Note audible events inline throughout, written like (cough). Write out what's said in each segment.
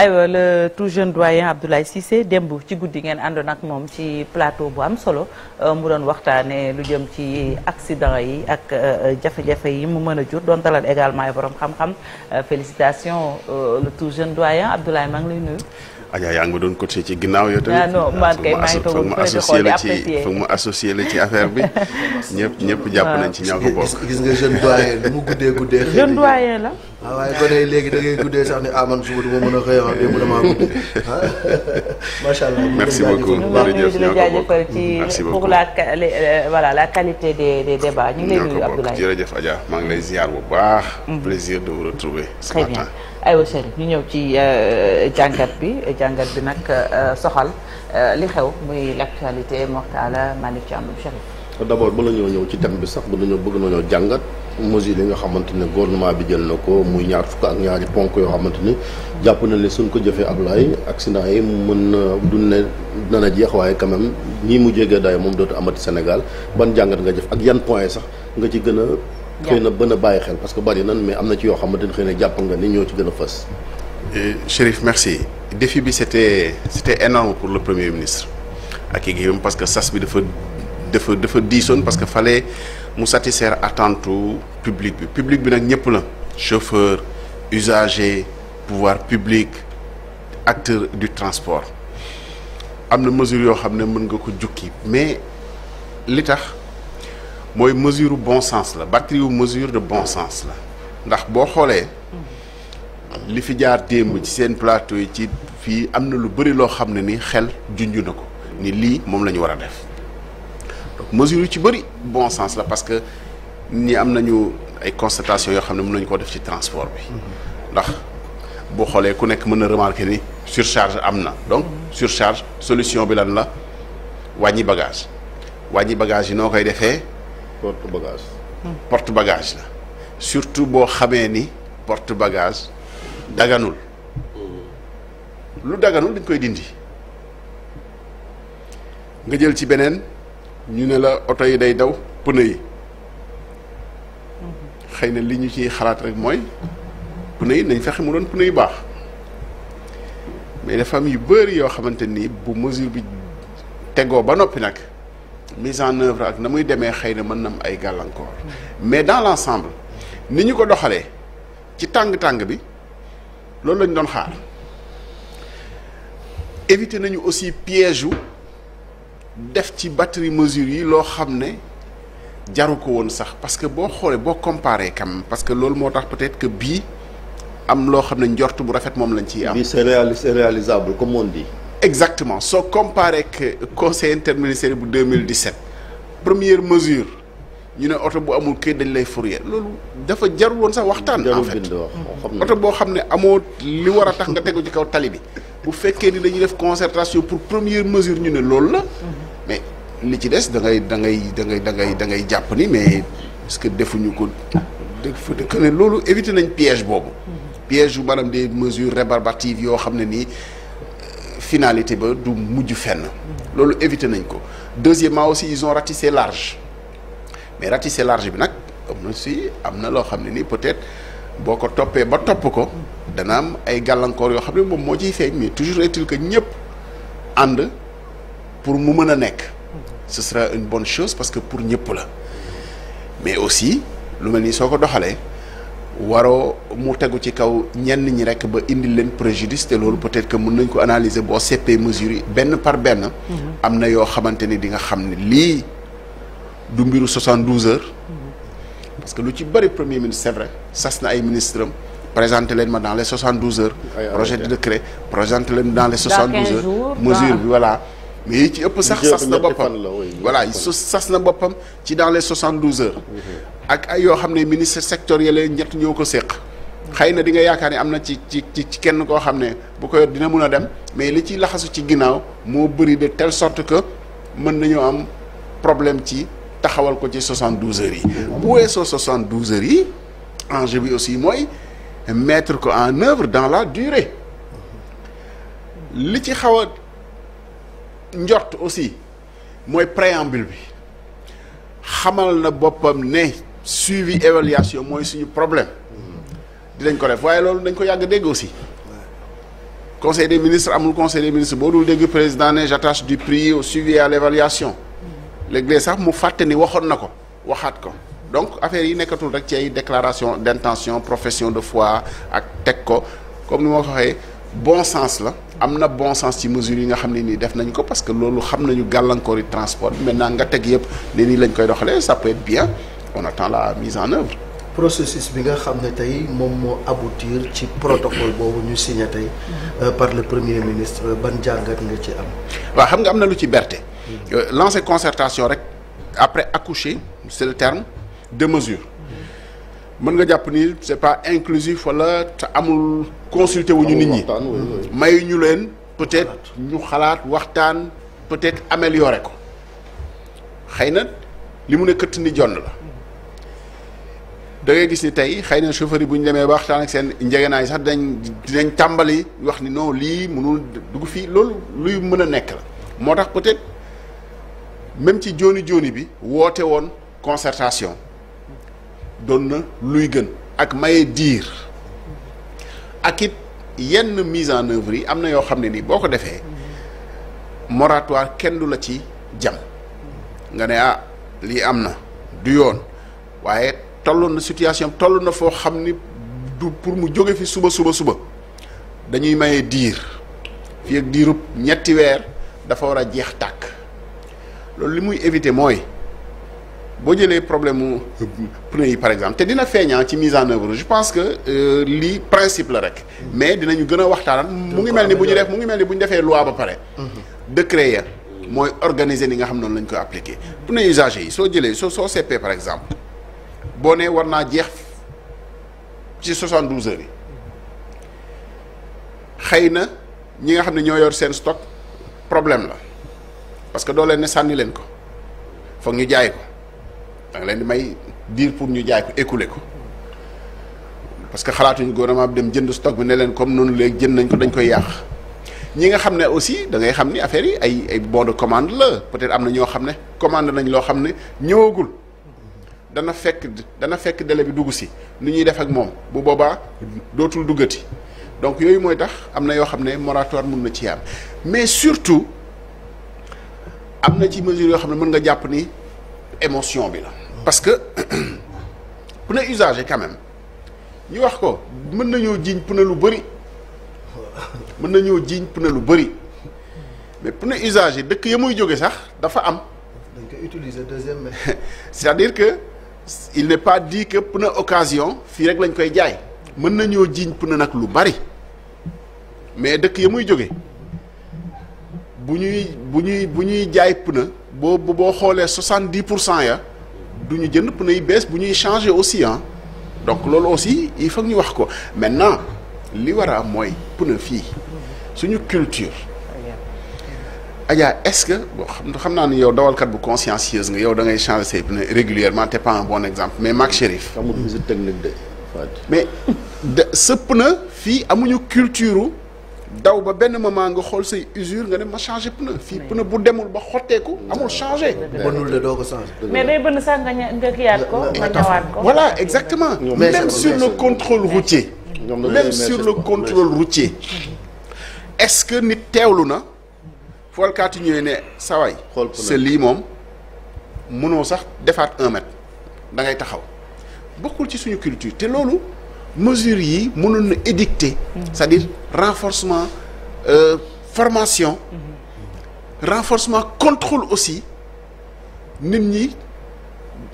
aywa le tout jeune doyen Abdoulaye Cissé démb ci guddi ngeen àndoon ak moom ci plateau bu am solo euh, mu doon waxtaanee lu jëm ci accident yi ak euh, euh, jafe-jafe yi mu mën a jur doon dalal également ay borom xam-xam félicitations le tout jeune doyen Abdoulaye maa ngi lay nuyu. Adja yaa doon coaché ci ginnaaw yow tamit. Ah, non man kay ci foog bi. (laughs) ñëpp ñëpp jàpp nañ ci ñaw ko bokk. gis nga jeune doyen lu mu la. Ah, waaye gone léegi da ngay guddee sax ni aman ah, suba du ma mën a xëy wax démb damaa (laughs) (laughs) merci beaucoup jërëjëf ñoo ko bokk merci beaucoup pour la euh, voilà la qualité des des débats ñu ngi maa ngi lay ziar bu baax. Mm-hmm. plaisir de vous retrouver ce aywa Chérif ñu ñëw ci euh, jàngat bi jàngat bi nag euh, soxal euh, li xew muy l'actualité mortale Malick Thiandoum Chérif d'abord ba la ñoo ñëw ci thème bi sax ba la ñoo bëgg nañoo jàngat mesures yi nga xamante ne gouvernement bi jël na ko muy ñaar fukk ak ñaari ponk yoo xamante ni jàpp na ne suñ ko jëfee Ablaye accident yi mën na du ne dana jeex waaye quand même ñii mu jégee daay moom dootu amati Sénégal ban jàngat nga jëf ak yan point sax nga ci gën a xëy na bën a bàyyi parce que bari nan mais am na ci yoo xamante ni xëy na jàpp nga ni ñoo ci gën a fës. Euh, Chérif merci le défi bi c'était c'était énorme pour le premier ministre ak équipe parce que sas bi dafa dafa dafa diisoon parce que fallait mu satisfaire attente public bi public bi nag ñëpp la chauffeur usager pouvoir public acteur du transport am na mesure yoo xam ne mën nga ko jukki mais li tax mooy mesure bon sens la batterie wu mesure de bon sens la ndax boo xoolee li fi jaar démb ci seen plateau yi ci fii am na lu bëri loo xam ne ni xel junj na ko ni lii moom la ñu war a def donc mesure yu ci bëri bon sens la parce que ñi am nañu ay constatations yoo xam ne mën nañu koo def ci transport bi ndax boo xoolee ku nekk mën na remarquer ni surcharge am na donc surcharge solution bi lan la wàññi bagage wàññi bagage yi noo koy defee. porte bagage. bagage la surtout boo xamee ni porte bagage daganul lu daganul dañ koy dindi nga jël ci beneen ñu ne la oto yi day daw pneu yi xëy na li ñu ciy xalaat rek mooy pneu yi nañ fexe mu doon pneu yu baax mais dafa am yu bëri yoo xamante ni bu mesure bi tegoo ba noppi nag. mise en œuvre ak na muy demee xëy na mën na am ay gàllankoor mais dans l'ensemble ni ñu ko doxalee ci tàng-tàng bi loolu lañ doon xaar éviter nañu aussi piège wu def ci batterie mesure yi loo xam ne jaru ko woon sax parce que boo xoolee boo comparé quand même parce que loolu moo tax peut-être que bii am loo xam ne njort bu rafet moom lañ ciy am. bii c'est réalisable comme on dit. exactement soo comparé que conseil interministériel bu 2017 première mesure ñu ne oto bu amul këyit dañ lay fourrière loolu dafa jarul woon sax waxtaan en fait oto boo xam ne amoo li war a tax nga tegu ci kaw tali bi bu fekkee ni dañuy def concertation pour première mesure ñu ne loolu la mais li ci des da ngay da ngay da ngay da ngay da ngay jàpp ni mais parce que defuñu ko dafa dëkk ne loolu éviter nañ piège boobu piège yu maanaam des mesures rébarbatives yoo xam ne nii finalité ba du mujj fenn loolu éviter nañ ko deuxièmement aussi ils ont ratissé large mais ratissé large bi nag am na si am na loo xam ne nii peut-être boo ko toppee ba topp ko dana am ay gàllankoor yoo xam ne moom moo ciy feeñ mais toujours est-il que ñëpp ànd pour mu mën a nekk ce sera une bonne chose parce que pour ñëpp la mais aussi lu mel nii soo ko doxalee waroo mu tegu ci kaw ñenn ñi rek ba indi leen préjudice te loolu peut-être que mun nañ ko analyser boo seppee mesures yi benn par benn. Mm-hmm. am na yoo xamante ni di nga xam ne lii du mbiru 72 heures. Mm-hmm. parce que lu ci bëri premier ministre c'est vrai sas na ay ministre am présenté leen ma dans les 72 heures. projet de décret présenté leen dans les. 72 mesure bi voilà. mais yi ci ëpp sax sas na boppam voilà sas na boppam ci dans les soixante douze heures mhm. ak ay yoo xam ne ministre sectoriel yi ñett ñoo ko séq xëy na di nga yaakaar ni am na ci ci ci kenn koo xam ne bu ko dina mun a dem mais li ciy laxasu ci ginnaaw moo bëri de telle sorte que mën nañoo am problème ci taxawal ko ci soixante douze heures yi bu mhm. weesoo soixante douze heures yi enjeu bi aussi mooy mettre ko en œuvre dans la durée mhm. li ci xaw njort aussi mooy préambule bi xamal na boppam ne suivi évaluation mooy suñu problème dinañ ko def waaye loolu dañ ko yàgg dégg aussi conseil des ministres amul conseil des ministres boo dul dégg président ne j'attache du prix au suivi et à l'évaluation léeg sax mu fàtte ni waxoon na ko waxaat ko donc affaire yi nekkatul rek ci ay déclaration d'intention profession de foi ak teg ko comme nu ma ko waxee bon sens la am na bon sens ci mesure yi nga xam ne nii def nañ ko parce que loolu xam nañu gàllankoor yi transport bi maintenant nga teg yëpp ne nii lañ koy doxalee ça peut être bien on attend la mise en œuvre. processus bi nga xam ne tey moom moo aboutir ci protocole boobu ñu signé tey mhm. euh, par le premier ministre ban jàngat nga ci am. waaw xam nga am na lu ci berte. Mhm. Euh, lancé concertation rek après accoucher c'est le terme de mesure. mën nga jàpp ni c'est pas inclusif wala te amul wu ñu nit ñi may ñu leen peut-être ñu xalaat waxtaan peut-être améliorer ko xëy na li mu ne këtt ni jonn la da gis ni tey xëy na chauffeur bu ñu demee ba waxtaan ak seen njegenaay sax dinañ dinañ tàmbali wax ni non lii mënul dugg fii loolu luy mën a nekk la moo tax peut-être même ci jooni jooni bi woote woon concertation doon na luy gën ak maye diir ak it yenn mise en œuvre yi am na yoo xam ne nii boo ko defee moratoire kenn du la ci jam nga ne ah lii am na du yoon waaye tolloon na situation toll na foo xam ni du pour mu jóge fi suba suba suba dañuy maye diir fii ak diirub ñetti weer dafa war a jeex tàkk loolu li muy éviter mooy boo jëlee problème mu euh, pneu yi par exemple te dina feeñaa ah ci mise en œuvre je pense que euh, li principe la rek mais dinañu gën a waxtaan mu ngi mel ni bu ñu def mu ngi mel ni bu ñu defee loi ba pare décret ya mooy organiser ni nga xam noonu lañ ko appliquer pneu usagers yi soo jëlee soo soo seppee par exemple boo nee war naa jeex ci 72 heures yi xëy na ñi nga xam ne ñoo yor seen stock problème la parce que doo leen ne sànni leen ko foog ñu jaay ko da leen di may diir pour ñu jaay ko écouler ko parce que xalaatuñu gouvernement bi dem jënd stock bi ne leen comme noonu léegi jën nañ ko dañ koy yàq ñi nga xam ne aussi da ngay xam ni affaire yi ay ay bon de la peut-être am na ñoo xam ne commande nañ loo xam ne ñëwagul dana fekk dana fekk délai bi dugg si ni ñuy def ak moom bu boobaa dootul duggati donc yooyu mooy tax am na yoo xam ne moratoire mun na ci am mais surtout am na ci mesure yoo xam ne mën nga jàpp ni. émotion bi la parce que (clears throat) pneu usagé quand ñu wax ko mën nañoo jiiñ pneu lu bëri mën nañoo jiiñ pneu lu bëri mais pneu usagé dëkk ya muy jóge sax dafa am dañ koy utiliser deuxième main (laughs) c'est-à-dire que il n'est pas dit que pneu occasion fii rek lañ koy jaay mën nañoo jiiñ pneu nag lu bëri mais dëkk ya muy jóge bu ñuy bu ñuy bu ñuy jaay pneu boo boo xoolee soixante dix pour cent ya du ñu jënd pneu yi bees bu ñuy changer aussi ah donc loolu aussi il faut ñu wax ko maintenant li war a am mooy pneu fii suñu culture. Adja est-ce que boo xam naa ni yow dawalkat bu consciencieuse nga yow da ngay changer say pneu régulièrement t'es pas un bon exemple mais Mack Chérif. amul visite technique de mais de sa pneu fii amuñu culture. daw ba benn moment nga xool say usure nga ne ma changé pneu fii pneu bu demul ba xotteeku amul changé bënul de doo ko changé mais day bënn sax nga nga kiyaat ko nga ñëwaat ko voilà exactement même sur le contrôle routier même sur le contrôle routier est-ce que nit teewlu na foolkaati ñëwee ne saway c'est lii moom mënoo sax defaat un mètre da ngay taxaw bokkul ci suñu culture te loolu mesures yi mënoon na édicter cest di renforcement euh, formation renforcement contrôle aussi nit ñi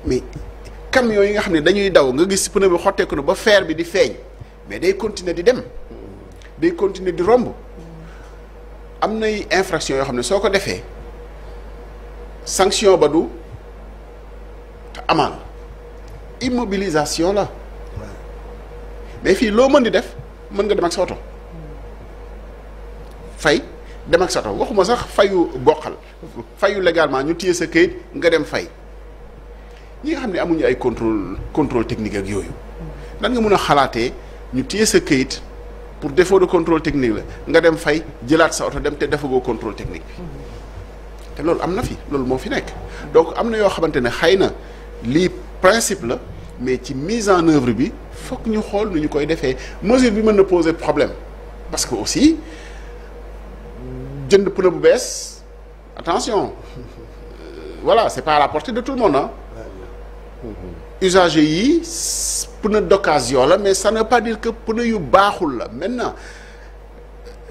mais camions yi nga xam ne dañuy daw nga gis pneu bi xotteeku na ba fer bi di feeñ mais day continuer di dem day continuer di romb am nay infraction yoo xam ne soo ko defee sanction ba du amende immobilisation la mais fii loo mën di def mën nga dem ak sa oto fay dem ak sa oto waxuma sax fayu boqal fayu legalement ñu téye sa këyit nga dem fay ñi nga xam ne amuñu ay contrôle contrôle technique ak yooyu nan nga mun a xalaatee ñu téye sa këyit pour défaut de contrôle technique la nga dem fay jëlaat sa oto dem te defagoo contrôle technique bi te loolu am na fi loolu moo fi nekk donc am na yoo xamante ne xëy na lii principe la mais ci mise en œuvre bi fokk ñu xool nañu koy defee mesure bi mën na poser problème parce que aussi jënd pneu bu bees attention euh, voilà c'est pas à la portée de tout le monde ah. usagers yi pneu d'occasion la mais ça ne veut pas dire que pneu yu baaxul la maintenant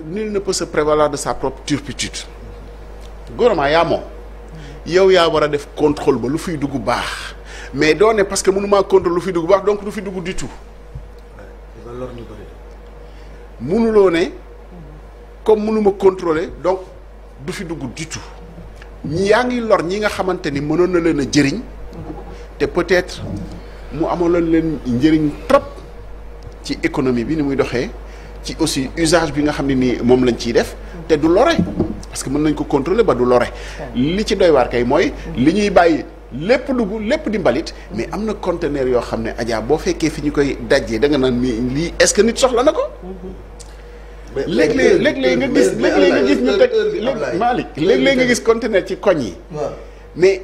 nul ne peut se prévaloir de sa propre turpitude mm-hmm. gouvernement yaa moom mm-hmm. yow yaa war a def contrôle ba lu fiy dugg baax. mais doo ne parce que mënu maa contrôle lu fi dugg baax donc du fi dugg du tout. mënuloo ne comme mënuma contrôler donc du fi dugg du tout yaa ngi lor ñi nga xamante ni mënoon na leen a jëriñ te peut-être mu amaloon leen njëriñ trop ci économie bi ni muy doxee ci aussi usage bi nga xam ne nii moom lañ ciy def te du lore parce que mën nañ ko contrôler ba du lore li ci doy waar kay mooy mm. li ñuy bàyyi lépp dugg lépp di mbalit mais am na conteneur yoo xam ne Adja boo fekkee fi ñu koy dajee da nga naan ni lii est-ce que nit soxla na ko. léeg-léeg léeg nga gis léeg-léeg nga gis ñu nga gis conteneur ci koñ yi mais.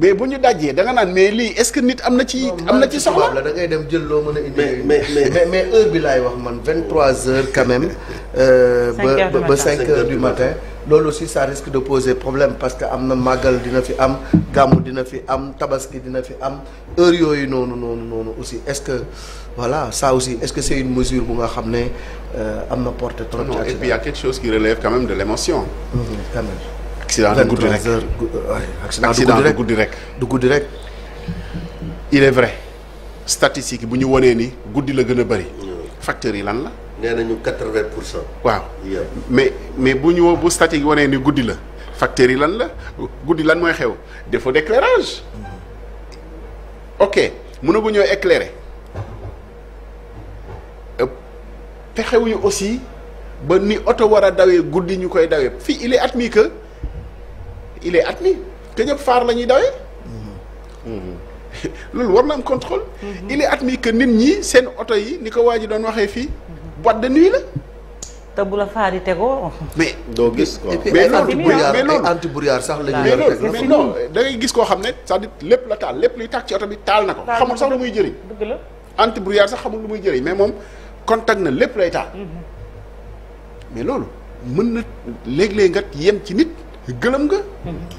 mais bu ñu dajee da nga naan mais lii est-ce que nit am na ci am na ci soxla dangay dem jël loo mën a indi mais mais mais heure bi laay wax man vingt trois heures quand même euh, ba ba cinq heures du matin loolu aussi ça risque de poser problème parce que am na màggal dina fi am gàmmu dina fi am tabaski dina fi am heure yooyu noonu noonu noonu aussi est-ce que voilà ça aussi est-ce que c'est une mesure bu nga xam ne euh, am na porte trop et puis il y a quelque chose qui relève quand même de l'émotion mmh, accident de guddi rek accident de guddi rek du guddi rek il est vrai statistique bu ñu wonee ni guddi la gën a bëri facteurs yi lan la nee nañu quatre pour cent waaw mais mais bu ñu bu statistique wonee ni guddi la facteurs yi lan la guddi lan mooy xew défaut d'éclairage ok mënaguñoo éclairer pexewuñu aussi ba ni oto war a dawee guddi ñu koy dawee fii il at admis que il at admis te ñëpp faar la ñuy dawee mhm. loolu war na am contrôle mhm. il at admis que nit ñi seen oto yi ni ko waa ji doon waxee fii mhm. boîte de nuit la te bu la yi tegoo. mais doo gis quoi mais loolu anti brouillard sax la ñu mais non da ngay gis koo xam ne cest à lépp la taal lépp luy tàkk ci oto bi taal na ko. xamul sax lu muy jëriñ. ant la anti brouillard sax xamul lu muy jëriñ mais moom kon contact na lépp lay taal. mais loolu mën na léeg-léeg nga yem ci nit. gëlëm nga.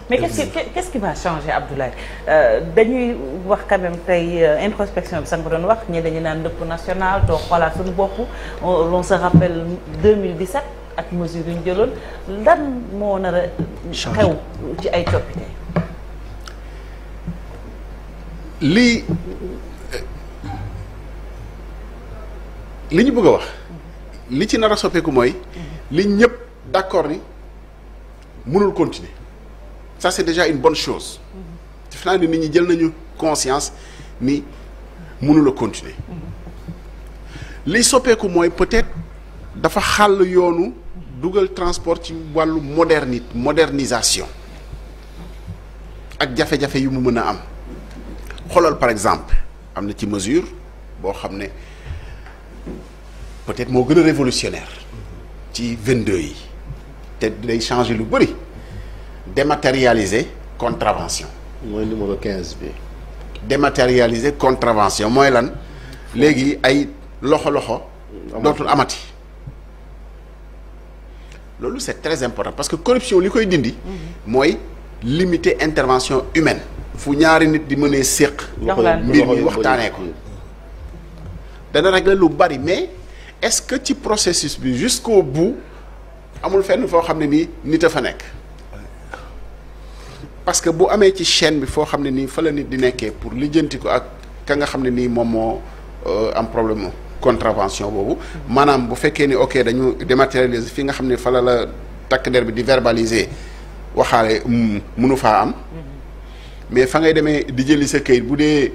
mais qu'est-ce qui qu'est-ce qui va changer Abdoulaye euh, dañuy wax quand même tey euh, introspection bi sax nga doon wax ñi dañu naan dëpp national toog xoolaat suñu bopp on se rappelle ak mesure yu ñu jëloon lan moo nar xew ci ay coppite. lii euh, li ñu bëgg a wax. li ci nar a soppeeku mooy. li ñëpp d'accord yi mënul continuer ça c'est déjà une bonne chose def naa ni nit ñi jël nañu conscience ni mënula a continuer li soppeeku mooy peut-être dafa xàll yoonu dugal transport ci wàllu modernité modernisation ak jafe-jafe yu mu mën a am xoolal par exemple am na ci mesure boo xam ne peut-être moo gën a révolutionnaire ci 22 yi te day changer lu bëri dématérialiser contravention. mooy numéro 15 bi. dématérialiser contravention mooy lan léegi ay loxo loxo. dootul amati. loolu c'est très important parce que corruption li koy dindi. Mhm. mooy limiter intervention humaine. fu ñaari nit di mënee séq. mbir mi waxtaanee ko. dana régler lu bari mais est-ce que ci processus bi jusqu'au bout. amul fenn foo xam ne nii nit a fa nekk parce que bu amee ci chaîne bi foo xam ne nii fa la nit di nekkee pour lijjanti ko ak ka nga xam ne nii moom moo euh, am problème contravention boobu maanaam bu fekkee ni ok dañu dématérialiser fi nga xam ne fa la la takk der bi di verbaliser waxaale hmm, munu faa am mais fa ngay demee di jëli sa këyit bu dee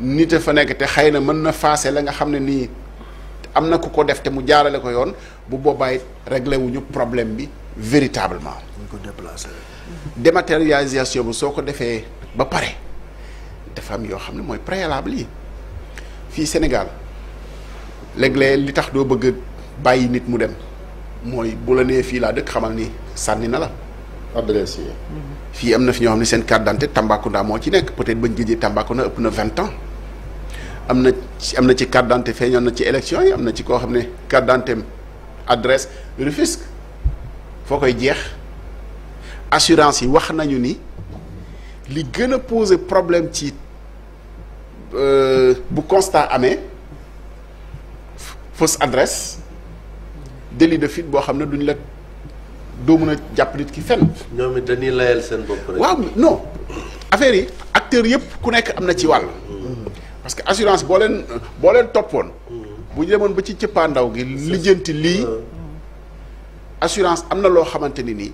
nit a fa nekk te xëy na mën na faase la nga xam ne nii am na ku ko def te mu jaarale ko yoon bu boobaa it réglé wuñu problème bi véritablement. ñu ko déplacé. dématérialisation bi soo ko defee ba pare dafa am yoo xam ne mooy préalable yi fii Sénégal léeg li tax doo bëgg bàyyi nit mu dem mooy bu la nee fii laa dëkk xamal ni sànni na la. adresse yi. fii am na fi ñoo xam ne seen carte d'identité Tambacounda moo ci nekk peut-être bañ géejee na ëpp na vingt ans. am na ci am na ci carte d'identité feeñoon na ci élection yi am na ci koo xam ne carte d'identité adresse Rufisque foo koy jeex assurance yi wax nañu ni li gën a poser problème ci euh, bu constat amee fausse adresse délit de fuite boo xam ne duñ la doo mën a jàpp nit ki fenn. ñoom it dañuy layal seen bopp rek. waaw non affaire yi acteurs yëpp ku nekk am na ci wàll. parce que assurance boo leen boo leen toppoon. bu ñu demoon ba ci cëppaandaw gi. lijjanti lii. Euh. assurance am na loo xamante ni nii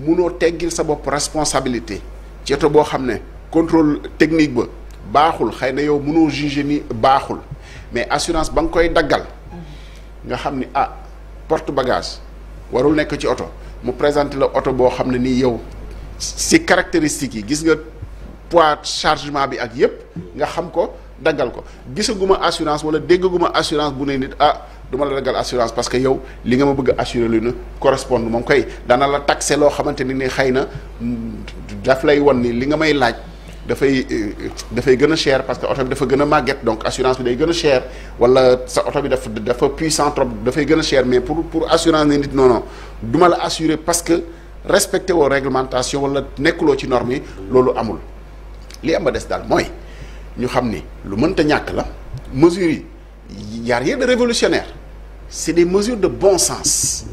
munoo teggil sa bopp responsabilité ci oto boo xam ne contrôle technique ba baaxul xëy na yow munoo juger ni baaxul mais assurance ba nga koy daggal. nga xam ni ah porte bagage warul nekk ci oto mu présenté la oto boo xam ne nii yow si caractéristiques yi gis nga. poids chargement bi ak yépp nga xam ko daggal ko gisaguma assurance wala déggaguma assurance bu ne nit ah du la daggal assurance parce que yow li nga ma bëgg a assuré lu na correspond moom koy dana la taxé loo xamante ni ni xëy na mm, daf lay won ni li nga may laaj dafay euh, dafay gën a cher parce que oto bi dafa gën a màgget donc assurance bi day gën a cher wala sa oto bi dafa dafa puissant trop dafay gën a cher mais pour pour assurance ne nit non la assuré parce que respecté woo réglementation wala nekkuloo ci norme yi loolu amul li am ba des daal mooy ñu xam ni lu mënta ñàkk la mesures yi y a rien de révolutionnaire c'est des mesures de bon sens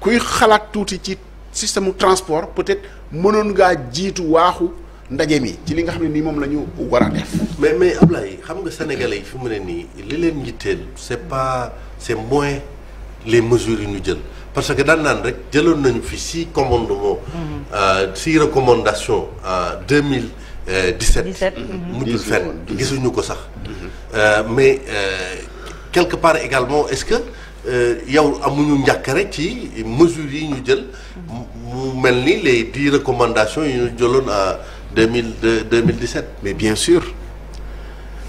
kuy xalaat tuuti ci système mu transport peut-être mënoon ngaa jiitu waaxu ndaje mi ci li nga xam ne nii moom la ñu war a def. mais mais Ablaye xam nga sénégalais yi fi mu ne nii li leen yitteel c'est pas c'est moins les mesures yi ñu jël parce que daan naan rek jëloon nañu fi six commandements. Mm-hmm. Euh, si recommandations en euh, deux mille. 17 17 mm-hmm. mujjul fet gisuñu ko sax euh, mais euh, quelque part également est-ce que euh, yow amuñu njàkkare ci mesures yi ñu jël mu mel ni les dix recommandations yi ñu jëloon en 2017 mais bien sûr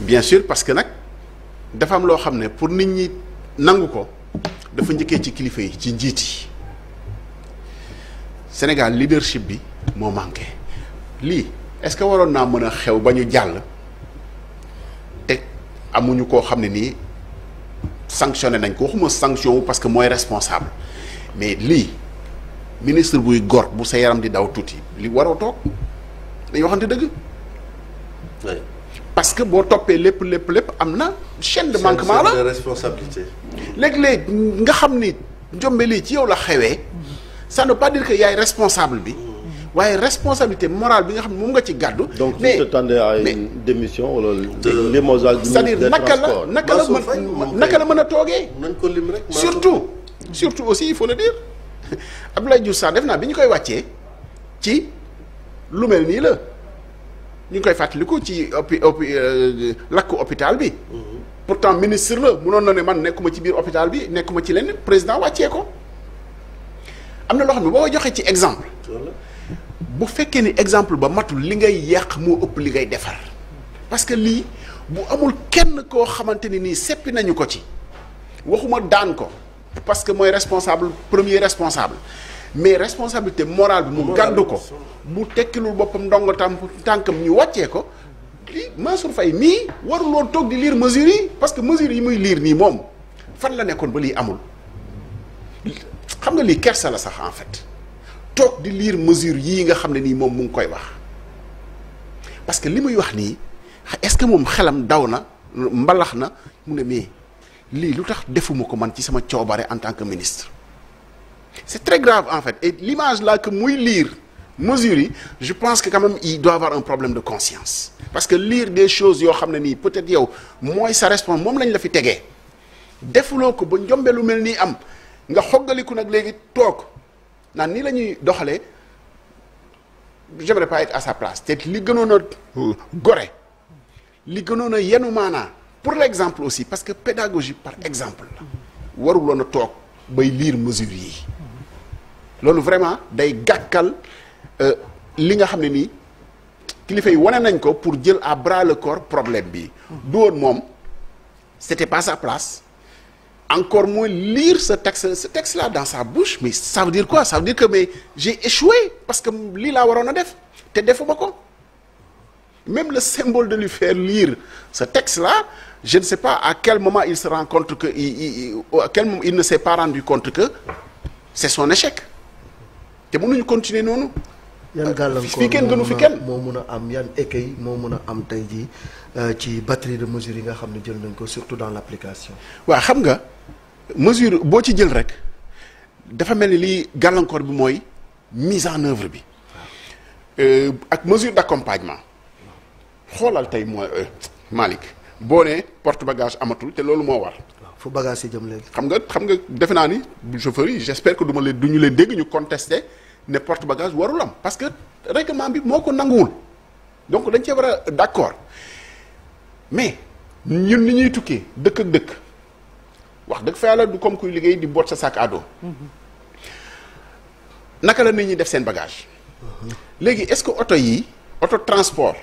bien sûr parce que nag dafa am loo xam ne pour nit ñi nangu ko dafa njëkkee ci kilifa yi ci njiit yi Sénégal leadership bi moo manqué lii est-ce que waroon naa mën a xew ba ñu jàll te amuñu koo xam ne nii sanctionné nañ ko waxuma sanction wu parce que mooy responsable mais lii ministre buy gor bu sa yaram di daw tuuti li waroo toog dañu waxante dëgg parce que boo toppee lépp lépp lépp am na chaîne de manquement la responsabilité léeg-léeg nga xam ni njombe lii ci yow la xewee ça ne veut pas que yaay responsable bi waaye responsabilité morale bi nga xam ne moom nga ci gàddu. donc mais démission wala euh, limogeage du ministre des transports c'est-à-dire naka la naka la mën naka la mën a toogee. nañ ko lim rek surtout surtout aussi il faut le dire (laughs) Abdoulaye Diouf Sarr def naa bi ñu koy wàccee ci lu mel nii la ñu ngi koy fàttaliku ci opi opi euh, lakk hôpital bi. Mhm. pourtant ministre la mënoon na ne man nekkuma ci biir hôpital bi nekkuma ci lenn président wàccee ko am na loo xam ne boo joxee ci exemple. bu fekkee ni exemple ba matul li ngay yàq moo ëpp li ngay defar parce que lii bu amul kenn koo xamante ni nii seppi nañu ko ci waxuma daan ko parce que mooy responsable premier responsable mais responsabilité morale bi mu gàddu ko mu tekkilul boppam ndongo tam tànkam ñu wàccee ko li fay Faye nii warul woon liir di lire mesures yi parce que mesures yi muy liir nii moom fan la nekkoon ba lii amul xam nga lii kersa la sax en fait toog di liir mesure yii nga xam ne nii moom mu ngi koy wax parce que li muy wax nii est-ce que moom xelam daw na mbalax na mu ne mais lii lu tax defuma ko man ci sama coobare en tant que ministre c'est très grave en fait et l'image là que muy liir mesure yi je pense que quand même il doit avoir un problème de conscience parce que liir des choses yoo xam ne nii peut-être yow mooy sa responsabilité moom lañ la fi tegee defuloo ko ba njombe lu mel nii am nga xoggaliku nag léegi toog naan nii la ñuy doxalee j'aimerais pas être à sa place te li gënoon gore li gënoon a yenu maanaa pour l'exemple aussi parce que pédagogie par exemple la waruloon toog bay lire mesures yi loolu vraiment day gàkkal euh, li nga xam ne nii kilifa yi wane nañ ko pour jël à bras le corps problème bi du woon moom c'était pas sa place encore moins lire ce texte ce texte là dans sa bouche mais ça veut dire quoi ça veut dire que mais j'ai échoué parce que lii laa waroon a def te ma ko même le symbole de lui faire lire ce texte la je ne sais pas à quel moment il se rend que il, il, à quel moment il ne s'est pas rendu compte que c'est son échec te mënuñu continuer noonu. yan gàllankoor fi kenn gënu fi kenn moo mun a am yan écueil moo mun a am tey jii. Euh, ci batterie de mesure yi nga xam ne jël nañ ko surtout dans la application. waa xam nga mesure boo ci jël rek dafa mel ni lii gàllankoor bi mooy mise en œuvre bi euh, ak mesure d' accompagnement xoolal tey mooy euh, Malick boo nee porte bagage amatul te loolu moo war. fu bagage yi jëm léegi. xam nga xam nga defe naa ni chauffeur yi j' espère que du leen du ñu leen dégg ñu contester ne porte bagage warul am parce que règlement bi moo ko nanguwul donc dañ cee war a d' accord. mais ñun ni ñuy tukkee dëkk ak dëkk wax dëgg fa yàlla du comme kuy liggéey di boot sa sac à naka la nit ñi def seen bagage léegi est-ce que oto yi oto transport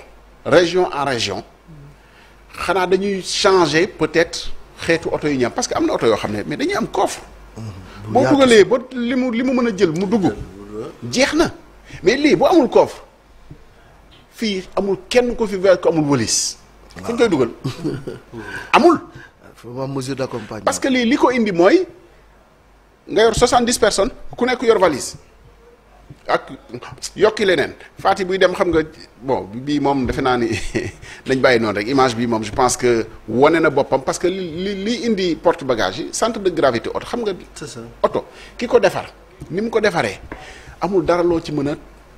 région en région xanaa dañuy changer peut-être xeetu oto yi ñam parce que am na oto yoo xam ne mais dañuy am coffre mm-hmm. boo dugalee ba li mu li mu mën a jël mu dugg jeex na mais lii boo amul coffre fii amul kenn ko fi ver ko amul wëlis fu ñu koy dugal (laughs) amul. mesure d'accompagnement parce que lii li ko indi mooy nga yor soixante-dix personnes ku nekk yor valise ak yokki leneen Fati buy dem xam nga bo bii moom defe naa ni nañ (laughs) bàyyi noonu rek image bii moom je pense que wane na boppam parce que li li indi porte bagage yi centre de gravité oto xam nga. c'est oto ki ko defar ni mu ko defaree amul dara loo ci mën a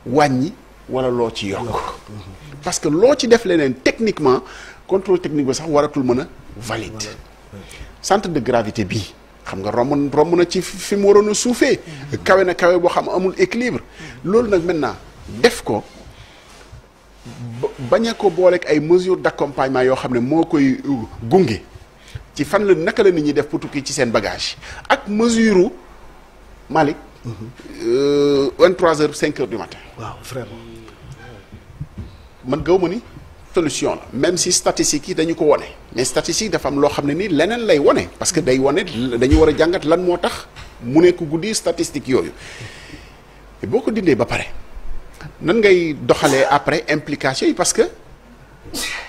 wàññi wala loo ci yokk. parce loo ci def leneen techniquement. contrôle technique ba sax waratul mën a valide centre de gravité bii xam nga romb romb na ci fi mu waroon a suufee kawe na kawe boo xam amul équilibre loolu nag naa def ko bañ a ko booleeg ay mesures d'accompagnement yoo xam ne moo koy gunge ci fan la naka la nit ñi def pour tukki ci seen bagage ak mesure malik mhm. euh, vingt-trois cinq heures man gaw ma ni solution la même si statistiques yi dañu ko wone mais statistique dafa am loo xam ne ni leneen lay wone parce que day wone dañu war a jàngat lan moo tax mu nekk guddi statistiques yooyu boo ko dindee ba pare nan ngay doxalee après implication yi parce que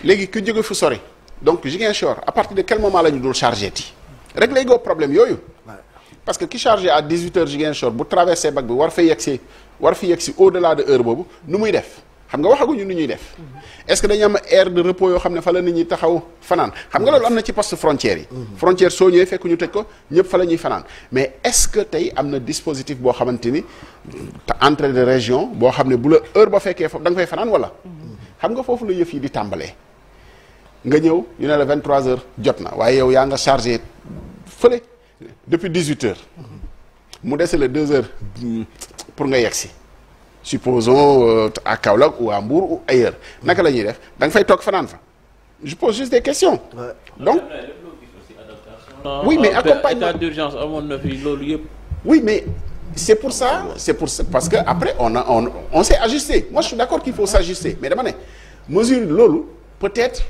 léegi ku jege fu sori donc Ziguinchor à partir de quel moment la ñu dul chargé ti rek lay goo problème yooyu parce que ki chargé à 18 heures Ziguinchor bu traversé bac bi war fa yegg yegsi war fi yegsi au delà de heure boobu nu muy def xam nga waxaguñu nu ñuy def est-ce que dañu am aire de repos yoo xam ne fa la nit ñi taxaw fanaan xam nga loolu am na ci poste frontière yi mm-hmm. frontière soo ñëwee fekk ñu tëj ko ñëpp fa la ñuy fanaan mais est-ce que tey am na dispositif boo xamante ni te entrée de région boo xam ne bu la heure ba fekkee foofu da nga fay fanaan wala mm-hmm. xam nga foofu la yëf yi di tàmbalee nga ñëw ñu ne la 23 heures jot na waaye yow yaa nga chargé fële depuis 18 heures mm-hmm. mu dese la 2 heures pour nga yegg si supposons euh, à Kaolack ou à Mbour ou ailleurs naka la ñuy def da nga fay toog fanaan fa je pose juste des questions donc oui mais euh, accompagnement état d'urgence amoon na loolu yëpp oui mais c'est pour ça c'est pour ça parce que après on on on s'est ajusté moi je suis d'accord qu'il faut s'ajuster mais dama ne mesure loolu peut-être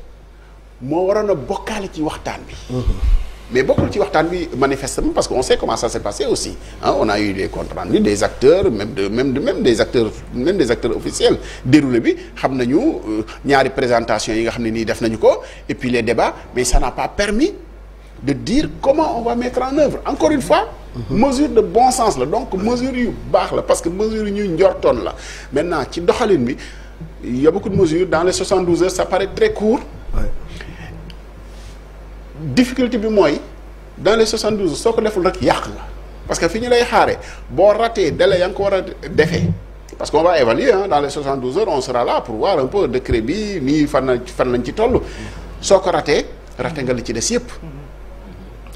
moo waroon a bokkaale ci waxtaan bi mm-hmm. mais bokkul ci waxtaan bi manifestement parce que on sait comment ça s'est passé aussi hein on a eu de même de des acteurs même des acteurs officiels déroulé bi xam nañu euh, ñaari présentation yi nga xam ne nii def nañu ko et puis les débats mais ça n'a pas permis de dire comment on va mettre en œuvre encore une fois mm-hmm. mesure de bon sens la donc mesure yu baax la parce que mesure yu ñuy njortoon la maintenant ci doxalin bi il y a beaucoup de mesures dans les 72 heures ça difficulté bi mooy dans les 72 soo ko deful rek yàq la parce que fi ñu lay xaaree boo ratee délai ya nga ko war a defee parce que va évaluer hein, dans les 72 heures on sera là pour voir un peu décret bi nii fan la fan lañ ci toll. soo ko ratee rate nga li ci des yëpp.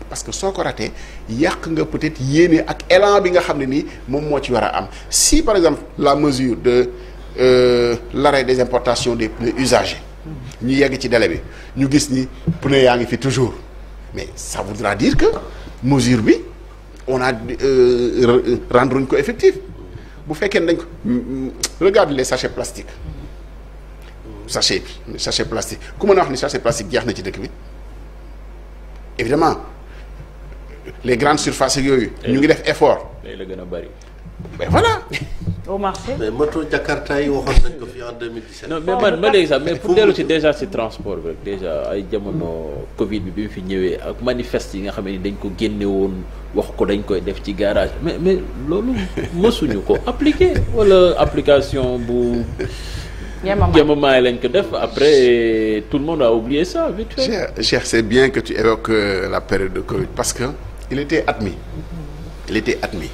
parce que soo ko ratee yàq nga peut-être yéene ak élan bi nga xam ne nii moom moo ci war a am si par exemple la mesure de euh, l'arrêt des importations des pneus ñu yegg ci délai bi ñu gis ni pneu yaa ngi fi toujours mais ça voudra dire que mesure bi on a euh, ñu ko effectif bu fekkee ne dañ ko regarde les sachets plastiques sachet bi sachet plastique ku mën a wax ni sachet plastique jeex na ci dëkk bi évidemment les grande surfaces yooyu. Eh, ñu ngi def effort. day la gën a bari. mais voilà. (laughs) au marché mais moto Jakarta yi waxoon nañ ko fi en 2017. non mais man ma léegi sax mais pour dellu ci déjà ci transport bi déjà ay jamono Covid bi bi mu fi ñëwee ak manifeste yi nga xam ne dañ ko génne woon wax ko dañ koy def ci garage mais mais loolu mësuñu ko appliquer wala application bu. Yamamaay lañ ko def après tout le monde a oublié ça vite fait. cher cher c'est bien que tu évoques euh, la période de Covid parce que il était admis il était admis.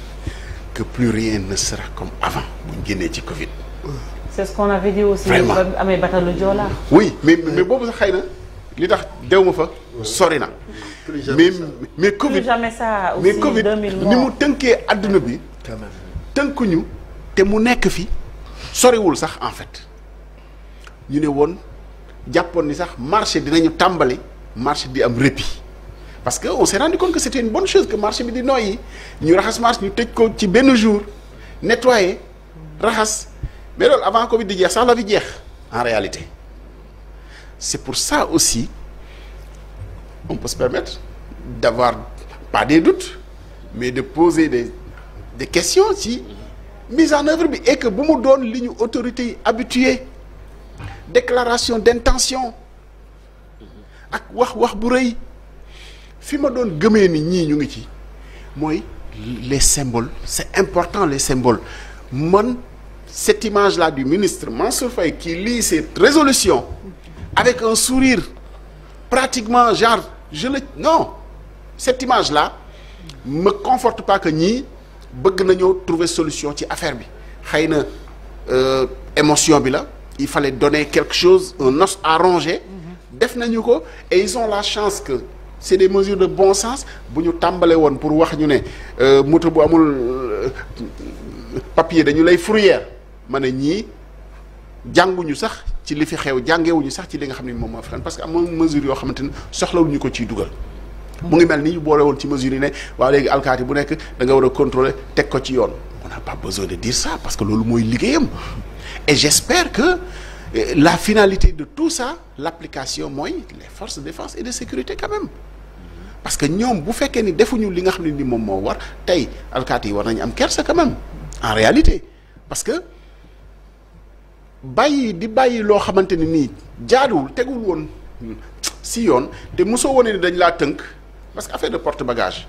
que plus rien ne comme avant bu ñu génnee ci Covid. c'est ce qu'on avait ba amee batalu Joola. oui mais boobu sax xëy na li tax dew ma fa. sori na. mais mais Covid plus jamais ça aussi mais Covid ni mu tënkee àdduna bi. tënkuñu te mu nekk fi soriwul sax en fait ñu ne woon jàppoon ni sax marché dinañu tàmbali marché di am répit. parce que on se rendu compte que c'était une bonne chose que marché bi di noyyi ñu raxas marché ñu tëj ko ci benn jour nettoyer raxas mais loolu avant Covid di jeex sax la fi jeex en réalité c'est pour ça aussi on peut se permettre d'avoir pas des doutes mais de poser des des questions si mise en œuvre bi et que bu mu doon li ñu autorités yi habituées déclaration d'intention ak wax wax bu rëy fi ma doon gëmee ni ñii ñu ngi ci mooy les symboles c'est important les symboles man cette image là du ministre Mansour Faye qui lit cette résolution avec un sourire pratiquement genre je le non cette image là me conforte pas que ñii bëgg nañoo trouver solution ci affaire bi xëy na euh, émotion bi la il fallait donner quelque chose un os à ronger def nañu ko et ils ont la chance que c'est des mesures de bon sens bu ñu tàmbalee woon pour wax ñu ne euh, moto bu amul euh, papier dañu lay fourrière ma ne ñii jànguñu sax ci li fi xew jàngewuñu sax ci li nga xam ne moom moo fi parce que am mesure yoo xamante ne soxlawuñu ko ciy dugal. mu ngi mel ni ñu boole woon ci mesure yi ne waaw léegi alkaati bu nekk da nga war a contrôler teg ko ci yoon. on n'a pas besoin de dire ça parce que loolu mooy liggéeyam et j'espère que. Euh, la finalité de tout ça l'application mooy les de défense et sécurité quand parce que ñoom bu fekkee ni defuñu li nga xam ne ni moom moo war tey alkaati yi war nañu am kersa quand même en réalité parce que bàyyi di bàyyi loo xamante ni nii jaaduwul tegul woon si yoon te mosoo wane ni dañ laa tënk parce que affaire de porte bagage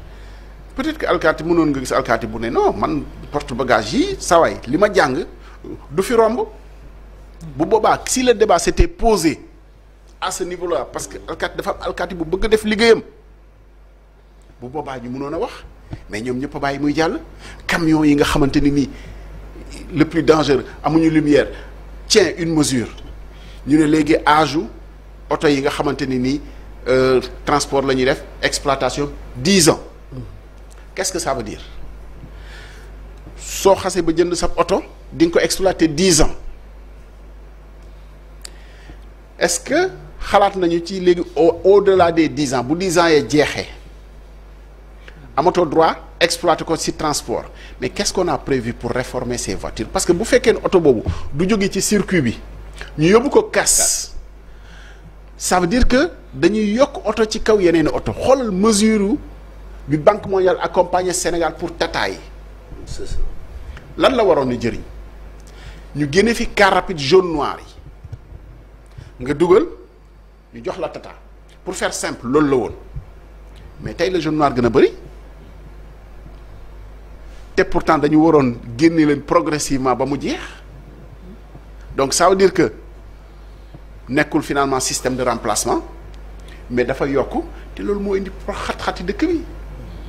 peut-être que alkaati mënoon nga gis alkaati bu ne non man porte bagage yi saway li ma jàng du fi romb bu boobaa si le débat s'était pose à ce parce que alkaati dafa am alkaati bu bëgg def liggéeyam bu boobaa ñu mënoon a wax mais ñoom ñëpp a bàyyi muy jàll camion yi nga xamante ni nii le plus dangereux amuñu lumière tient une mesure ñu ne léegi âge oto yi nga xamante ni nii euh, transport la ñuy def exploitation dix ans qu'est-ce que ça veut soo xasee ba jënd sa oto di nga ko exploiter dix ans est-ce que xalaat nañu ci léegi au au-delà des dix ans bu dix ans yee jeexee. moto droit exploiter ko ci transport mais qu'est-ce qu'on prévu pour réformer ces voitures parce que bu fekkee ne oto boobu du jóge ci circuit bi ñu yóbbu ko casse ça veut dire que dañuy yokk oto ci kaw yeneen oto xoolal mesure bi banque mondiale accompagner Sénégal pour Tata yi lan la waroon ni jëriñ ñu génne fi car rapide jaune noir yi nga dugal ñu jox la Tata pour faire simple loolu la woon mais tey la jaune noir gën a bëri te pourtant dañu waroon génnee leen progressivement ba mu jeex donc ça veut dire que nekkul finalement système de remplacement mais dafa yokk te loolu moo indi xat-xati dëkk bi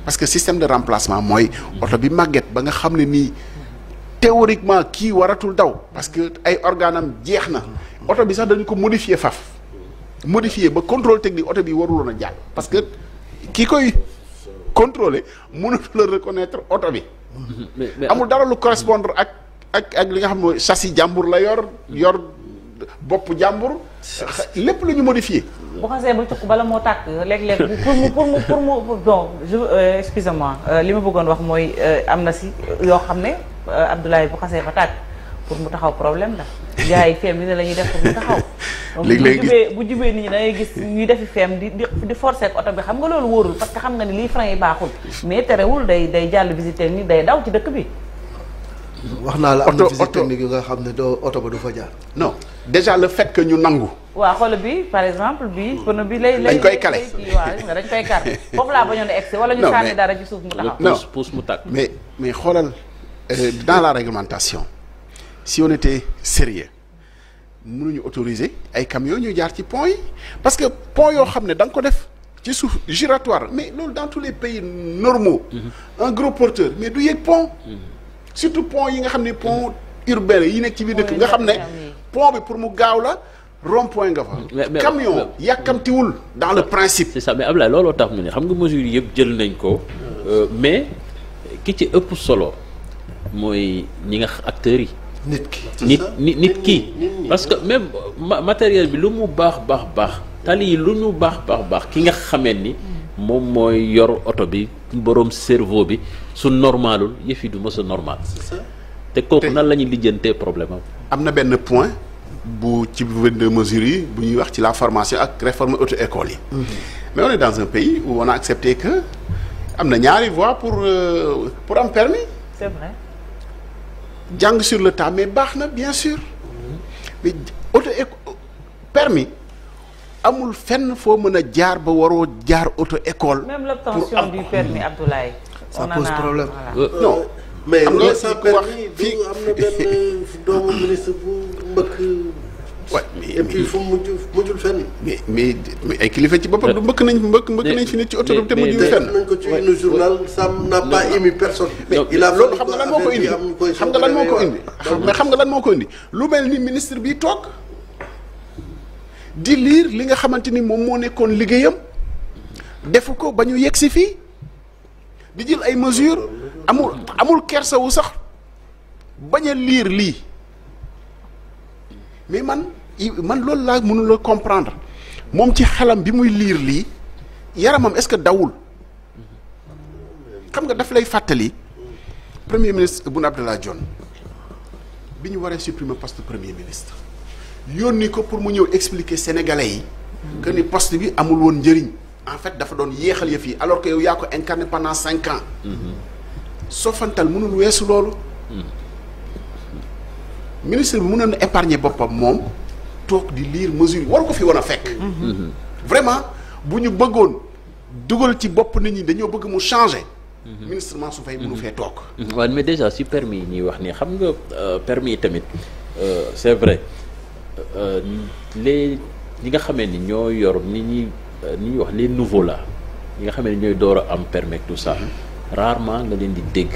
parce que système de remplacement mooy oto bi màgget ba nga xam ne nii théoriquement kii waratul daw parce que ay organam jeex na oto bi sax dañu ko modifier faf modifier ba contrôle technique oto bi waruloon a jàll parce que kii koy contrôler mënatu la reconnaître oto bi amul dara lu correspondre ak ak ak li nga xam ne châssis jàmbur la yor yor bopp jàmbur lépp lu ñu modifié bu xasee ba cukk bala moo tàkk léeg-léeg pour mu pour mu pour mu bon je euh, excusez euh, li ma bëggoon wax mooy euh, am na si yoo xam ne Abdoulaye bu xasee ba tàkk pour mu taxaw problème la gars yi feem li ne la ñuy def mu taxaw léegi léegi bu jubee bu jubee nit ñi da ngay gis ñuy defi feem di di forcer bi xam nga loolu wóorul parce que xam nga ni lii frein yi baaxul mais terewul day day jàll visiter ni day daw ci dëkk bi wax naa la am na visite technique yu nga xam ne doo oto ba du fa jaar non déjà le fait que ñu nangu waaw xoolal bi par exemple bi pneu bi lay lay dañ koy kale waaw dañ koy kar foofu laa bañoon a egsi wala ñu sànni dara ci suuf mu taxaw non pousse mu tàkk mais mais xoolal euh, dans la réglementation si on était mënuñu autoriser ay camions ñu jaar ci pont yi parce que pont yoo xam ne danga ko def ci suuf giratoire mais loolu dans tous les pays normaux mhm. un mais du yéeg pont mhm. surtout pont yi nga xam ne pont urbain yi nekk ci biir dëkk nga xam ne pont bi pour mu gaaw la rond-point nga fa camion yàkkamtiwul dans le principe c'est ça mais Ablaye looloo tax mu ne xam nga mesures yëpp jël nañ ko euh, mais ki ci ëpp solo mooy ñi nga acteurs yi nit ki. nit nit nit parce que même matériel bi lu mu baax baax baax tali yi lu mu baax baax baax ki nga xamee ni. moom mooy yor oto bi boroom cerveau bi su normalul yëf du mës a normal. te kooku na la ñuy lijjantee problème am. na benn point bu ci vingt-deux yi bu ñuy wax ci la formation ak réforme auto école yi. Mm-hmm. mais on est dans un pays où on a que am na ñaari voies pour euh, pour am permis. jàng sur le tas mais baax na bien sûr mais auto éco permis amul fenn foo mën a jaar ba waroo jaar auto école. même l'obtention du permis Abdoulaye. ça pose problème euh, euh, non. am na wax fii am na benn doomu bu mbëkk. wa mais et puis fu mu mujj mujjul mais mais ay kilifa ci boppam du mbëkk nañ mbëkk mbëkk nañ fi nit ci autoroute te mujjul fenn. nañ ko ci une journal ça n'a pas a loolu xam nga lan moo ko indi xam nga lan moo ko indi. mais xam nga lan moo ko indi lu mel ni ministre bi toog di liir li nga xamante ni moom moo nekkoon liggéeyam defu ko ba ñu yegg si fii di jël ay mesures amul amul kersawu sax bañ liir lii. mais man man loolu laa mënul comprendre moom ci xelam bi muy liir lii yaramam est-ce que dawul xam nga daf lay fàttali premier ministre Boun Abdallah Dionne bi ñu waree supprimer poste premier ministre yónni ko pour mu ñëw expliquer sénégalais yi que ni poste bi amul woon njëriñ en fait dafa doon yéexal yëf fii alors que yow yaa ko incarné pendant cinq ans mm-hmm. sofantal mënul weesu loolu mm-hmm. ministre bi mun na épargner boppam moom toog di lire mesure yi war ko fi woon a fekk. Mhm. vraiment bu ñu bëggoon dugal ci bopp nit ñi dañoo bëgg mu changer. Mhm. ministre Mansour Faye mënu mhm. fee toog. waaw mais déjà si permis yi ñuy wax nii xam nga euh, permis yi tamit euh, c'est vrai euh, les ñi nga xamee ni ñoo yor ni ñuy ni ñuy wax les nouveau la ñi nga xamee ni ñooy door a am permis tout ça rarement nga leen di dégg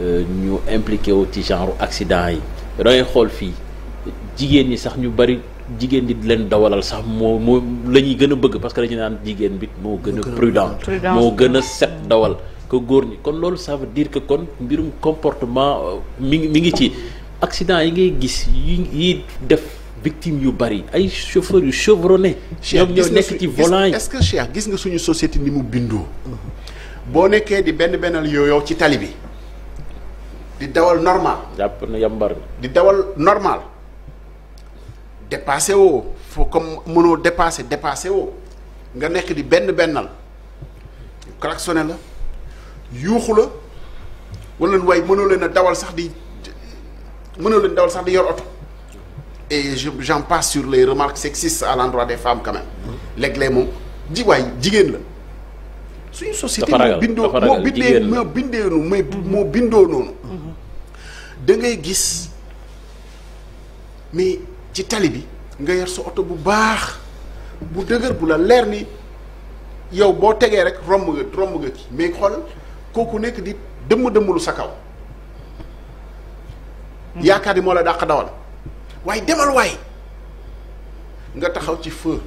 ñu impliqué wu ci genre accident yi. da xool fii jigéen ñi sax ñu bari jigéen di leen dawalal sax moo moo la ñuy gën a bëgg parce que dañu naan jigéen bi moo gën a prudent moo gën a set dawal ko góor ñi kon loolu ça veut dire que kon mbirum comportement euh, mi ngi mi ngi ci accident yi ngay gis yi yi def victime yu bari ay chauffeurs yu chevronné ñoom ñoo nekk ci volant yi que Cheikh gis nga suñu société ni mu bindoo boo nekkee di benn bennal yooyu ci tali bi di dawal normal. jàpp na yambar di dawal normal dépassé woo foo comme mënoo dépassé dépassé woo nga nekk di benn bennal klaxonné la yuuxu la leen way mënoo leen dawal sax di mënoo leen dawal sax di yor oto et j'en passe sur les remarques sexistes à l'endroit des femmes quand même mm-hmm. léeg-léeg moom ji waay jigéen la suñu société moo bindoo moo bindee moo bindee bindoo noonu da ngay gis ni ci tali bi nga yor sa oto bu baax bu dëgër bu la leer ni yow boo tegee rek romb nga romb nga ki mais xoolal kooku nekk di dëmm dëmmalu sa kaw. Hmm. yaakaar ni moo la dàq dawal. waaye demal waay nga taxaw ci feu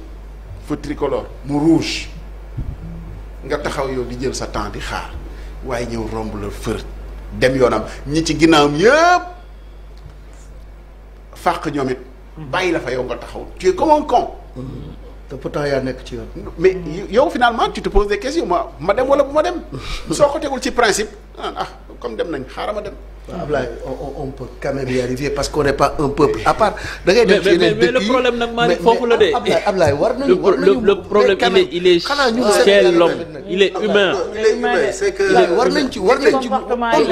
feu tricolore mu rouge nga taxaw yow di jël sa temps di xaar waaye ñëw romb la fër. dem yoonam ñi ci ginnaawam yëpp fàq ñoom it mhm. bàyyi la fa yow nga taxaw tu es comme un con. te pourtant yaa nekk ci yoon. mais yow finalement tu te poses des questions ma ma dem wala bu ma dem. (laughs) soo ko tegul ci principe ah, ah. comme dem nañ xaaral ma dem. waaw Ablaye on on peut quand même y arriver parce qu'on n'est pas un peuple à part. da ngay def ci yeneen dëkk yi mais mais le problème nag maa foofu la de. Ablaye Ablaye war nañu war nañu le problème il est il est chez l'homme il est humain. il est humain c'est que war nañ ci war nañ ci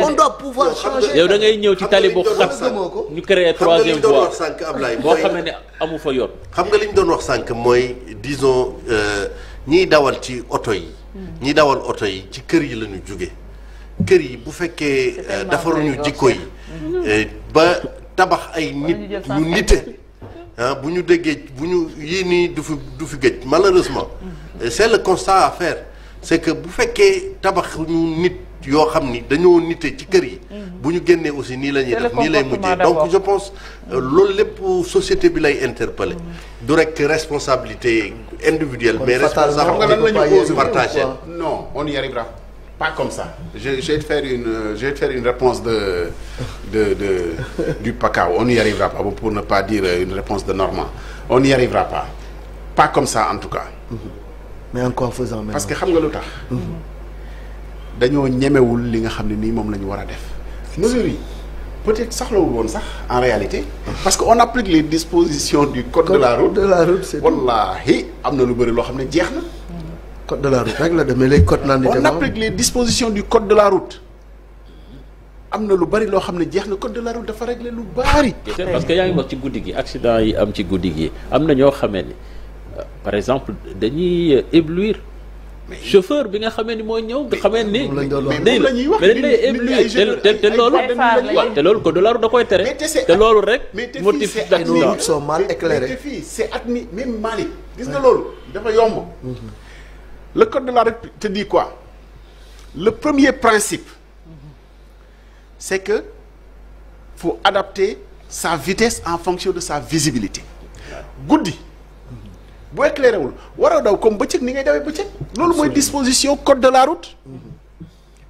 on doit pouvoir changer. yow da ngay ñëw ci tali bu xat ñu créer troisième voie xam nga li ñu doon wax sànq Ablaye. boo xamee ne amu fa yoon. xam nga li ñu doon wax sànq mooy disons euh, ñiy dawal ci oto yi. Hmm. ñiy dawal oto yi ci kër yi la ñu jugee. kër yi bu fekkee euh, defaruñu jikko yi euh, ba tabax ay nit ñu nite bu ñu déggee bu ñu yii nii du fi du fi gëj malheureusement c'est le constat à faire c'est que bu fekkee tabax ñu nit yoo xam ni dañoo nite ci kër yi mhm. bu ñu génnee aussi nii la ñuy def nii lay mujjee donc je pense euh, loolu lépp société bi lay interpellé mhm. du rekk responsabilité individuelle mais xam partagée dañ on y arrivera pas comme ça je je vais te une réponse de de de du Pakao on n'y arrivera pas pour ne pas dire euh, une réponse de Normand on n'y arrivera pas comme ça en tout cas. mais en quoi faisant maintenant. parce que xam nga lu tax. dañoo ñemewul li nga xam ne nii moom la ñu war a def. mesures yi peut-être saxlawul woon sax en réalité. parce que on applique les dispositions du code de la route. de la route c'est am na lu bëri loo xam ne jeex na. code de la route la demee léegi code naan on applique les dispositions du am na lu bari loo xam ne jeex na code de la route dafa régler lu bari. parce que yaa ngi wax ci guddi gi accident yi am ci guddi gi am na ñoo xamee ni euh, par exemple dañuy euh, éblouir. mais chauffeur bi nga xamee ni mooy ñëw nga xamee ni. day la ñuy wax mais day éblouir te te loolu. te loolu code de la route da koy tere. te loolu rek. motif d'accident mais te fii c'est admis même Mali gis nga loolu dafa yomb. Mhm. le code de la République te dit quoi le premier principe c'est que foo adapter sa vitesse en fonction de sa visibilité guddi boo éclairé wul waroo daw comme bëccëg ni ngay dawee bëccëg loolu mooy disposition code de la route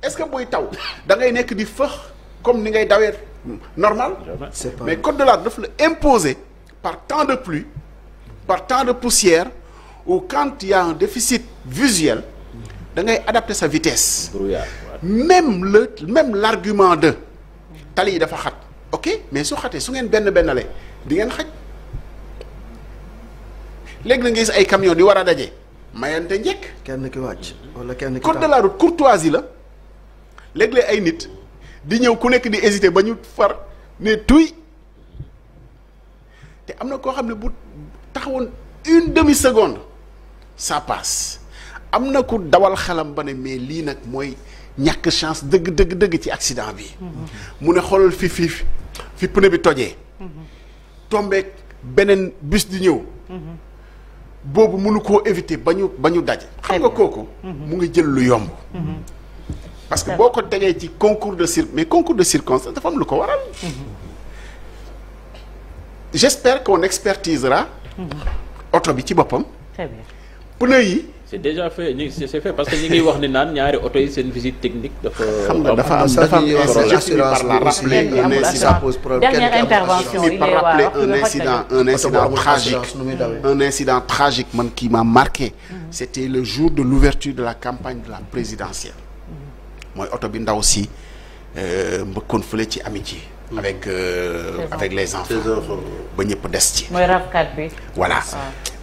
est-ce que booy taw da ngay nekk di fëx comme ni ngay dawee normal mais code de la route daf la imposer par temps de pluie par temps de poussière ou quand il y a déficit visuel da ngay adapter sa vitesse. même le même l'argument de tali yi dafa xat ok mais su xatee su ngeen benn bennale di ngeen xaj léegi la nga gis ay camion di war a daje mayante njëkk. kenn ki wàcc wala kenn ki code de la route courtoisie la léeg-léeg ay nit di ñëw ku nekk di hésiter ba ñu far ne tuy te am na koo xam ne bu taxawoon une demi seconde. ça passe am na ku dawal xelam ba ne mais lii nag mooy ñàkk chance dëgg dëgg dëgg ci accident bi. mu ne xoolal fi fi fi pneu bi tojee. tombeek beneen bus di ñëw. boobu mënu koo éviter ba ñu ba ñu daje. xam nga kooku. mu ngi jël lu yomb. parce que boo ko tegee ci concours de cir mais concours de circonstance dafa am lu ko waral. j'espère qu'on expertisera. Mm-hmm. oto bi ci boppam. très pneu yi. c'est déjà fait ñu c'est parce que ñu ngi wax ni naan ñaari oto yi seen visite technique dafa. xam nga dafa am dafa am dernière intervention il par rappeler un incident un incident tragique un incident tragique man qui m'a marqué. Mm-hmm. c'était le jour de l'ouverture de la campagne de la présidentielle. Mm-hmm. mooy oto bi ndaw si euh, mbëkkoon fële ci amitié. Mm-hmm. avec euh, avec les enfants. ba ñëpp des ci. mooy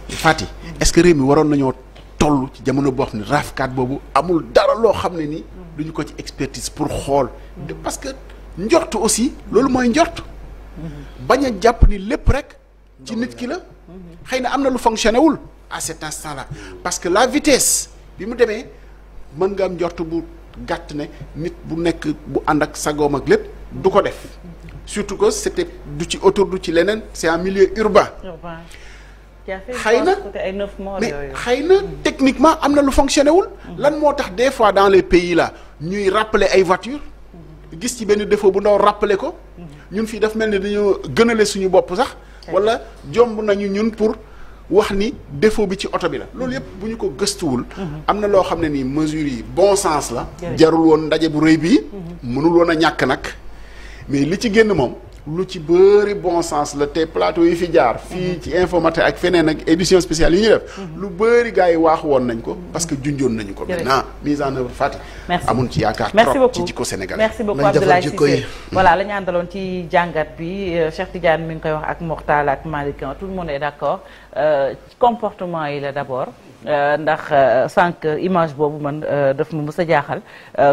Fati est-ce que mi waroon nañoo toll ci jamono boo xam ne raafkaat boobu amul dara loo xam ne ni duñu ko ci expertise pour xool parce que njort aussi loolu mooy njort bañ a jàpp ni lépp rek ci nit ki la xëy na am na lu fonctionné wul à cet instant parce que la vitesse bi mu demee mën nga am njort bu gàtt ne nit bu nekk bu ànd ak sagoom ak lépp du ko def surtout que c'était du ci autour du ci leneen c'est un milieu urbain xëy na mais xëy na hmm. techniquement am na lu fonctionné wul. Hmm. lan moo tax des fois dans les pays là ñuy rappeler ay voitures. Hmm. gis ci benn défaut bu ndaw rappeler ko. ñun fii daf mel ni dañoo gënale suñu bopp sax. wala jomb nañu ñun pour wax ni défaut bi ci oto bi la. loolu yëpp bu ñu ko gëstuwul. am na loo xam ne nii mesures yi bon sens la. jarul woon ndaje bu rëy bii. mënul woon a ñàkk nag mais li ci génn moom. lu ci bëri bon sens la te plateau yi fi jaar. fii ci informatique ak feneen ak édition spéciale yi ñu def. lu bëri gars yi waax woon nañ ko. parce que junjoon nañu ko. maintenant mise en œuvre Fatick. merci amun ci yaakaar trop ci jikko Sénégal. merci beaucoup Abdoulaye Cissé voilà la ñu àndaloon ci jàngat bi euh, Cheikh Tidiane mi ngi koy wax ak Mokhtar ak Malick tout le monde est d'accord euh, comportement yi la d'abord. Euh, ndax euh, sànq image boobu man euh, daf ma mës a jaaxal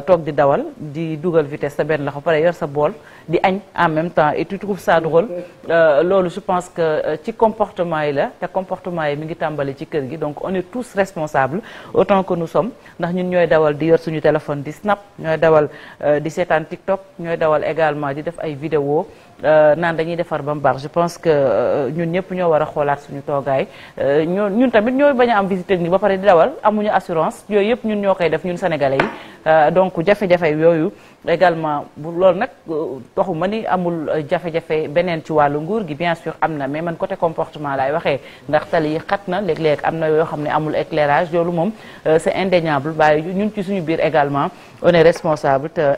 toog di dawal di dugal vitesse sa benn loxo pare yor sa bool di añ en même temps et tu trouves ça drôle loolu je pense que ci comportement yi la te comportement yi mi ngi tàmbali ci kër gi donc on est tous responsables autant que nous sommes ndax ñun ñooy dawal di yor suñu téléphone di snap ñooy dawal di seetaan TikTok ñooy dawal également di def ay vidéo Euh, naan dañuy defar ba mu baax je pense que euh, ñun ñëpp ñoo war a xoolaat suñu toogaay euh, ñoo ñun tamit ñooy bañ a am visite technique ba pare di dawal amuñu assurance yooyu yëpp ñun ñoo koy def ñun sénégalais yi donc jafe-jafe yooyu également bu loolu nag euh, taxu ma ni amul euh, jafe-jafe beneen ci wàllu nguur gi bien sûr am na mais man côté comportement laay waxee ndax tali yi xat na léeg-léeg am na yoo xam ne amul éclairage loolu moom euh, c'est indéniable waaye ñun ci suñu biir également on est responsable te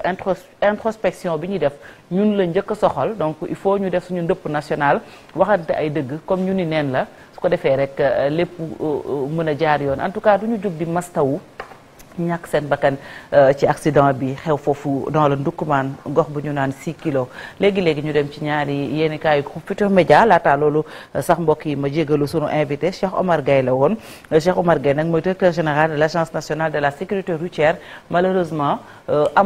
introspection bi ñuy def ñun la njëkk a soxal donc il faut ñu def suñu ndëpp national waxante ay dëgg comme ñu ni neen la su ko defee rek lépp mën a jaar yoon en tout cas du ñu jug di mastawu ñàkk seen bakkan euh, ci accident bi xew foofu dans le Ndoukoumane gox bu ñu naan 6 kilo léegi léegi ñu dem ci ñaari yéen i kaay média Groupe Futurs laata loolu euh, sax mbokk yi ma jégalu sunu invité Cheikh Omar Gueye la woon euh, Cheikh Omar Gueye nag mooy directeur général de l' agence nationale de la sécurité routière malheureusement.